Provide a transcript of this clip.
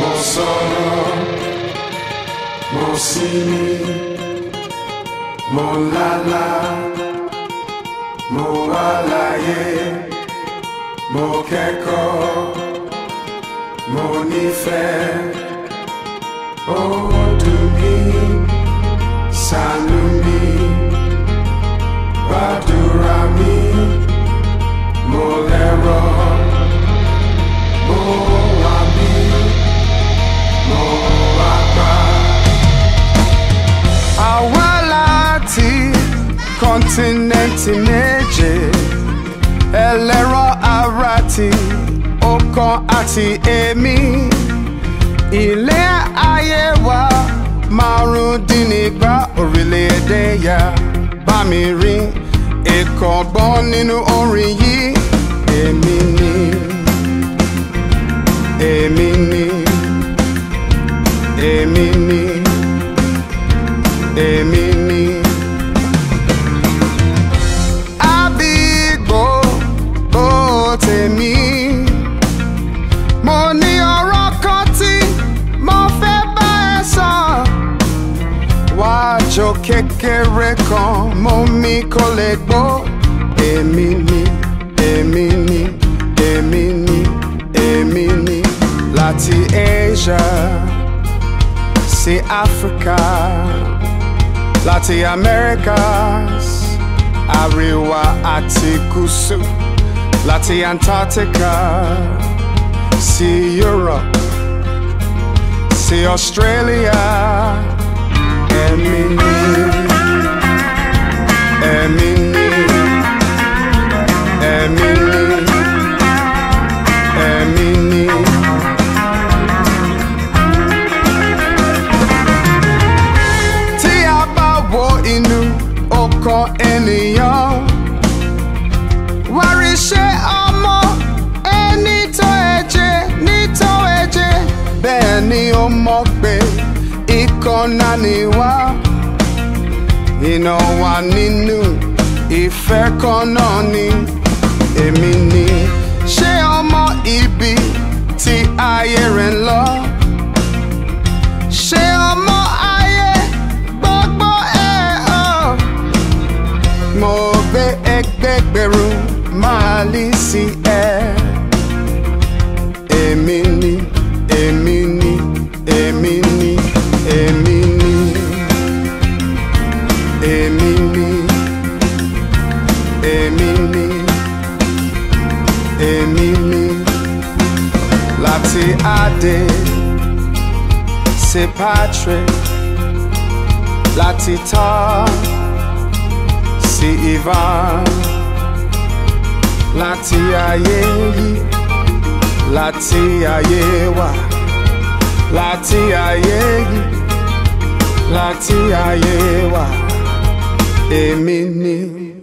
mo sọ̀rọ̀ mo sinmi mo lálá mo wà láyé mo kẹ́kọ̀ọ́ mo nífẹ̀ẹ́. Continent méje ẹlẹ́rọ ara ti ọkàn àti èmi ilé ayé wa márùndínnígba orílẹ̀-èdè yá bá mi rí ẹ̀kọ́ gbọ́n nínú orin yìí èmi ni èmi ni èmi ni èmi ni. tèmi mo ní ọ̀rọ̀ kan tí mo fẹ́ bá ẹ sọ wájú kékeré kan mú mi kó lè gbọ́ èmi ni èmi ni èmi ni èmi ni láti Asia sí Africa láti Americas àríwá àti gúúsù. Latte Antarctica, see Europe, see Australia. mọ̀ pé ìkànnà ni wá iná wa nínú ìfẹ́ kan náà ni èmi ni ṣé ọmọ ibi tí ayé rẹ̀ ń lọ ṣé ọmọ ayé gbogbo ẹ̀ ọ́ mo gbé ẹgbẹgbẹ̀rún máàlì sí ẹ. èmi ni láti adé ṣe patrick láti Ta, sí ivan láti ayé láti ayewa, láti ayé láti ayewa, wá